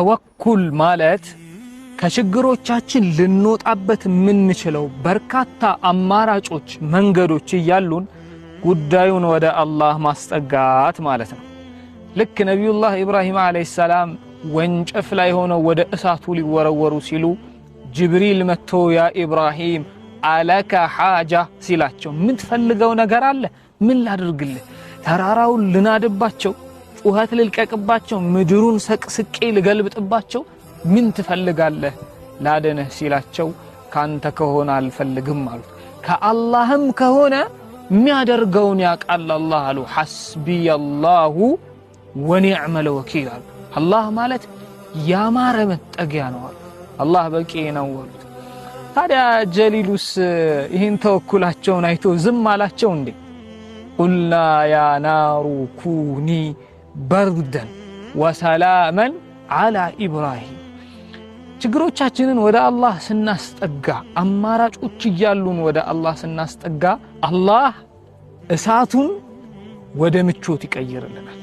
ተወኩል ማለት ከችግሮቻችን ልንወጣበት የምንችለው በርካታ አማራጮች፣ መንገዶች እያሉን ጉዳዩን ወደ አላህ ማስጠጋት ማለት ነው። ልክ ነቢዩላህ ኢብራሂም ዓለይሂ ሰላም ወንጨፍ ላይ ሆነው ወደ እሳቱ ሊወረወሩ ሲሉ ጅብሪል መጥቶ ያ ኢብራሂም አለከ ሓጃ ሲላቸው፣ የምትፈልገው ነገር አለ? ምን ላድርግልህ? ተራራውን ልናድባቸው ውሃት ልልቀቅባቸው፣ ምድሩን ሰቅስቄ ልገልብጥባቸው፣ ምን ትፈልጋለህ ላደነህ ሲላቸው ካንተ ከሆነ አልፈልግም አሉት። ከአላህም ከሆነ የሚያደርገውን ያውቃል አላህ አሉ። ሐስቢየላሁ ወኒዕመል ወኪል አሉ። አላህ ማለት ያማረ መጠጊያ ነው አሉ። አላህ በቂ ነው አሉት። ታዲያ ጀሊሉስ ይህን ተወኩላቸውን አይቶ ዝም አላቸው እንዴ? ቁልና ያ ናሩ ኩኒ በርደን ወሰላመን አላ ኢብራሂም ችግሮቻችንን ወደ አላህ ስናስጠጋ አማራጮች እያሉን ወደ አላህ ስናስጠጋ አላህ እሳቱን ወደ ምቾት ይቀይርልናል።